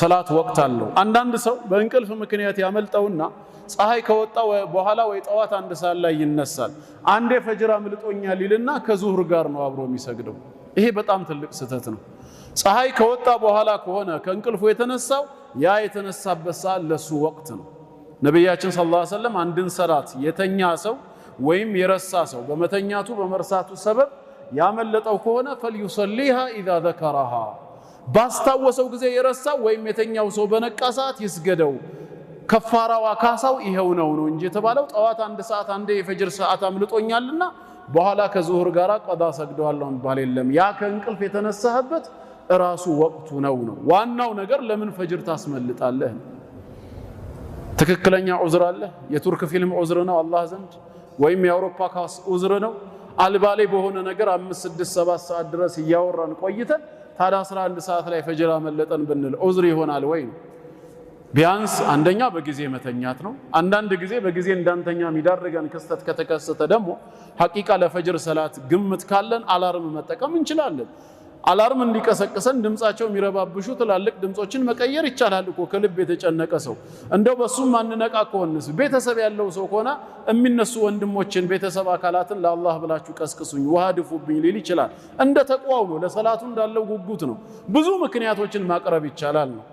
ሰላት ወቅት አለው። አንዳንድ ሰው በእንቅልፍ ምክንያት ያመልጠውና ፀሐይ ከወጣ በኋላ ወይ ጠዋት አንድ ሰዓት ላይ ይነሳል። አንዴ ፈጅር አምልጦኛል ይልና ከዙሁር ጋር ነው አብሮ የሚሰግደው። ይሄ በጣም ትልቅ ስህተት ነው። ፀሐይ ከወጣ በኋላ ከሆነ ከእንቅልፉ የተነሳው ያ የተነሳበት ሰዓት ለሱ ወቅት ነው። ነቢያችን ሰለላሁ ዐለይሂ ወሰለም አንድን ሰላት የተኛ ሰው ወይም የረሳ ሰው በመተኛቱ በመርሳቱ ሰበብ ያመለጠው ከሆነ ፈልዩሰሊሃ ኢዛ ዘከረሃ ባስታወሰው ጊዜ የረሳው ወይም የተኛው ሰው በነቃ ሰዓት ይስገደው። ከፋራዋ ካሳው ይኸው ነው ነው እንጂ የተባለው ጠዋት አንድ ሰዓት አንዴ የፈጅር ሰዓት አምልጦኛልና በኋላ ከዙሁር ጋር ቀዳ ሰግደዋለሁ ባል የለም። ያ ከእንቅልፍ የተነሳህበት እራሱ ወቅቱ ነው ነው። ዋናው ነገር ለምን ፈጅር ታስመልጣለህ? ትክክለኛ ዑዝር አለ። የቱርክ ፊልም ዑዝር ነው አላህ ዘንድ ወይም የአውሮፓ ካስ ዑዝር ነው። አልባሌ በሆነ ነገር አምስት ስድስት ሰባት ሰዓት ድረስ እያወራን ቆይተን ታዲያ አስራ አንድ ሰዓት ላይ ፈጅር አመለጠን ብንል ዑዝር ይሆናል ወይ? ቢያንስ አንደኛ በጊዜ መተኛት ነው። አንዳንድ ጊዜ በጊዜ እንዳንተኛ የሚዳርገን ክስተት ከተከሰተ ደግሞ ሐቂቃ ለፈጅር ሰላት ግምት ካለን አላርም መጠቀም እንችላለን። አላርም እንዲቀሰቅሰን ድምፃቸው የሚረባብሹ ትላልቅ ድምፆችን መቀየር ይቻላል እኮ ከልብ የተጨነቀ ሰው እንደው በሱም ማንነቃ ከሆንስ ቤተሰብ ያለው ሰው ከሆነ የሚነሱ ወንድሞችን ቤተሰብ አካላትን ለአላህ ብላችሁ ቀስቅሱኝ፣ ውሃ ድፉብኝ ሊል ይችላል። እንደ ተቋው ነው፣ ለሰላቱ እንዳለው ጉጉት ነው። ብዙ ምክንያቶችን ማቅረብ ይቻላል ነው።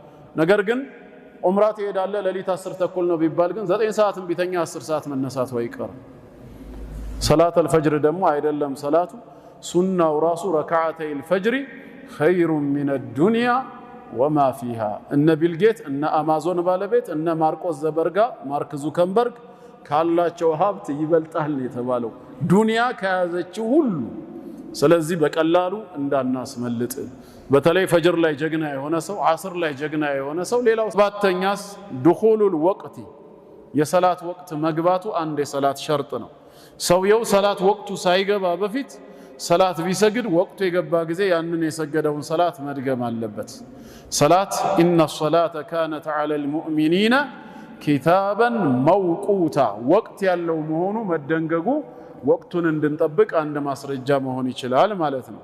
ነገር ግን ዑምራ ትሄዳለህ ሌሊት አስር ተኩል ነው ቢባል ግን ዘጠኝ ሰዓትም ቢተኛ አስር ሰዓት መነሳቱ አይቀርም። ሰላት አልፈጅር ደግሞ አይደለም ሰላቱ ሱናው ራሱ ረክዓተይ ልፈጅሪ ኸይሩ ሚነ ዱንያ ወማ ፊሃ። እነ ቢልጌት እነ አማዞን ባለቤት እነ ማርቆስ ዘበርጋ ማርክ ዙከንበርግ ካላቸው ሀብት ይበልጣል የተባለው ዱንያ ከያዘችው ሁሉ። ስለዚህ በቀላሉ እንዳናስመልጥ። በተለይ ፈጅር ላይ ጀግና የሆነ ሰው፣ አስር ላይ ጀግና የሆነ ሰው። ሌላው ሰባተኛስ ድኹሉል ወቅቲ የሰላት ወቅት መግባቱ አንድ የሰላት ሸርጥ ነው። ሰውየው ሰላት ወቅቱ ሳይገባ በፊት ሰላት ቢሰግድ ወቅቱ የገባ ጊዜ ያንን የሰገደውን ሰላት መድገም አለበት። ሰላት ኢነ ሰላተ ካነት ዐለ ልሙእሚኒነ ኪታበን መውቁታ ወቅት ያለው መሆኑ መደንገጉ ወቅቱን እንድንጠብቅ አንድ ማስረጃ መሆን ይችላል ማለት ነው።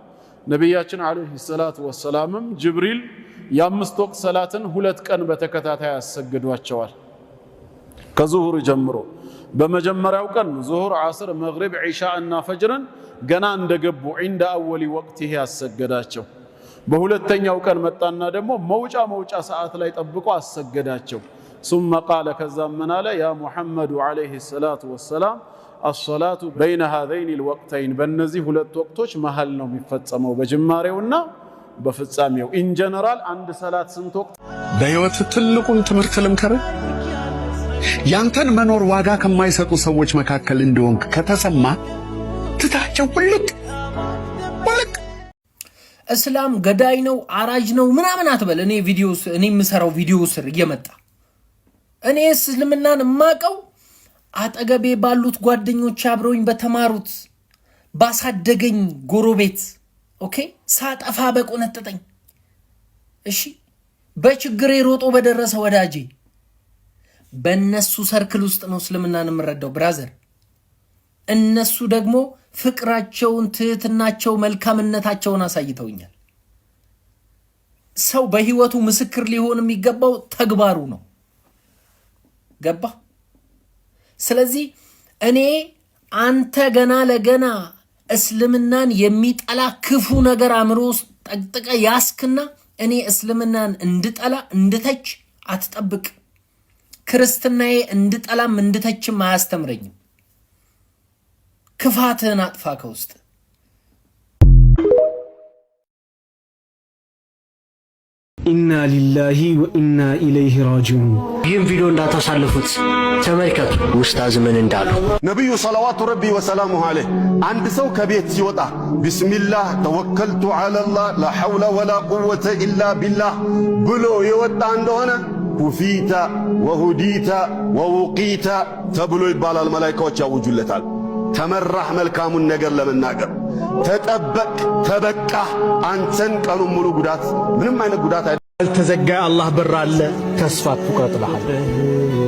ነቢያችን ዓለይሂ ሰላቱ ወሰላምም ጅብሪል የአምስት ወቅት ሰላትን ሁለት ቀን በተከታታይ ያሰግዷቸዋል ከዙሁር ጀምሮ በመጀመሪያው ቀን ዙሁር፣ ዓስር፣ መግሪብ፣ ዒሻ እና ፈጅርን ገና እንደገቡ ዒንደ አወሊ ወቅት ይሄ አሰገዳቸው። በሁለተኛው ቀን መጣና ደግሞ መውጫ መውጫ ሰዓት ላይ ጠብቆ አሰገዳቸው። ሱመ ቃለ ከዛም ምን አለ ያ ሙሐመዱ ዓለይሂ ሰላቱ ወሰላም አሶላቱ በይነ ሃዘይን ልወቅተይን በእነዚህ ሁለት ወቅቶች መሃል ነው የሚፈጸመው በጅማሬውና በፍጻሜው። ኢንጀነራል አንድ ሰላት ስንት ወቅት በሕይወት ትልቁን ትምህርት ልምከር ያንተን መኖር ዋጋ ከማይሰጡ ሰዎች መካከል እንደሆንክ ከተሰማ ትታቸው ውልቅ ውልቅ። እስላም ገዳይ ነው አራጅ ነው ምናምን አትበል። እኔ ቪዲዮ እኔ የምሰራው ቪዲዮ ስር እየመጣ እኔ እስልምናን የማቀው አጠገቤ ባሉት ጓደኞች አብረውኝ በተማሩት ባሳደገኝ ጎረቤት ኦኬ ሳጠፋ በቆነጠጠኝ እሺ በችግሬ ሮጦ በደረሰ ወዳጄ በእነሱ ሰርክል ውስጥ ነው እስልምናን የምረዳው ብራዘር። እነሱ ደግሞ ፍቅራቸውን፣ ትህትናቸው፣ መልካምነታቸውን አሳይተውኛል። ሰው በህይወቱ ምስክር ሊሆን የሚገባው ተግባሩ ነው። ገባ? ስለዚህ እኔ አንተ ገና ለገና እስልምናን የሚጠላ ክፉ ነገር አእምሮ ውስጥ ጠቅጥቀ ያስክና እኔ እስልምናን እንድጠላ እንድተች አትጠብቅ። ክርስትናዬ እንድጠላም እንድተችም አያስተምረኝም። ክፋትህን አጥፋ ከውስጥ ኢና ሊላሂ ወኢና ኢለይህ ራጂዑን። ይህም ቪዲዮ እንዳታሳልፉት ተመልከቱ። ኡስታዝ ምን እንዳሉ ነቢዩ ሰለዋቱ ረቢ ወሰላሙ አለይህ አንድ ሰው ከቤት ሲወጣ ቢስሚላህ ተወከልቱ ዐለላህ ላ ሐውለ ወላ ቁወተ ኢላ ቢላህ ብሎ የወጣ እንደሆነ ኩፊተ ወሁዲተ ወውቂተ ተብሎ ይባላል። መላይካዎች ያውጁለታል። ተመራህ መልካሙን ነገር ለመናገር ተጠበቅ፣ ተበቃህ። አንተን ቀኑን ሙሉ ጉዳት ምንም አይነት ጉዳት አይደለም። ያልተዘጋ አላህ በር አለ። ተስፋ ትቆርጥልሃል።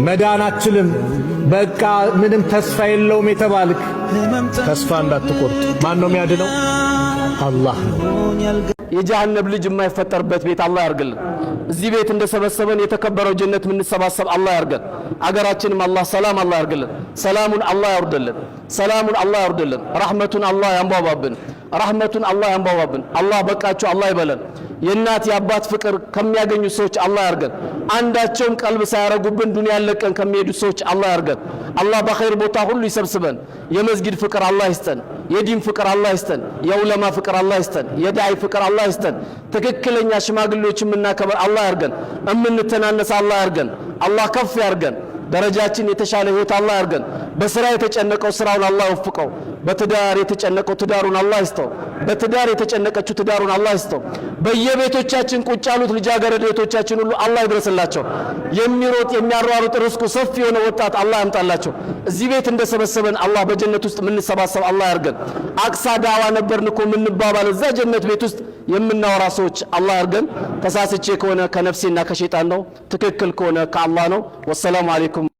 መዳን አችልም በቃ ምንም ተስፋ የለውም የተባልክ ተስፋ እንዳትቆርጥ። ማን ነው የሚያድነው? አላህ ነው። የጀሃነም ልጅ የማይፈጠርበት ቤት አላህ ያርግልን። እዚህ ቤት እንደሰበሰበን የተከበረው ጀነት የምንሰባሰብ አላህ ያርገን። አገራችንም አላህ ሰላም አላህ ያርግልን። ሰላሙን አላህ ያውርድልን። ሰላሙን አላህ ያውርድልን። ረህመቱን አላህ ያንቧባብን። ረህመቱን አላህ ያንቧባብን። አላህ በቃችሁ አላህ ይበለን። የእናት የአባት ፍቅር ከሚያገኙ ሰዎች አላህ ያርገን። አንዳቸውም ቀልብ ሳያረጉብን ዱንያ ለቀን ከሚሄዱ ሰዎች አላህ ያርገን። አላህ በኸይር ቦታ ሁሉ ይሰብስበን። የመስጊድ ፍቅር አላህ ይስጠን። የዲን ፍቅር አላህ ይስጠን። የዑለማ ፍቅር አላህ ይስጠን። የዳዒ ፍቅር አላህ ይስጠን። ትክክለኛ ሽማግሌዎች የምናከበር አላህ ያርገን። እምንተናነስ አላህ ያርገን። አላህ ከፍ ያርገን። ደረጃችን የተሻለ ህይወት አላህ ያርገን። በስራ የተጨነቀው ስራውን አላህ ወፍቀው። በትዳር የተጨነቀው ትዳሩን አላህ ይስተው በትዳር የተጨነቀችው ትዳሩን አላህ ይስተው በየቤቶቻችን ቁጭ ያሉት ልጃገረድ ቤቶቻችን ሁሉ አላህ ይድረስላቸው። የሚሮጥ የሚያሯሩጥ ርስቁ ሰፊ የሆነ ወጣት አላህ ያምጣላቸው። እዚህ ቤት እንደሰበሰበን አላህ በጀነት ውስጥ የምንሰባሰብ አላህ ያርገን። አቅሳ ዳዋ ነበርን እኮ የምንባባል እዛ ጀነት ቤት ውስጥ የምናወራ ሰዎች አላህ አድርገን። ተሳስቼ ከሆነ ከነፍሴና ከሸይጣን ነው፣ ትክክል ከሆነ ከአላህ ነው። ወሰላሙ አሌይኩም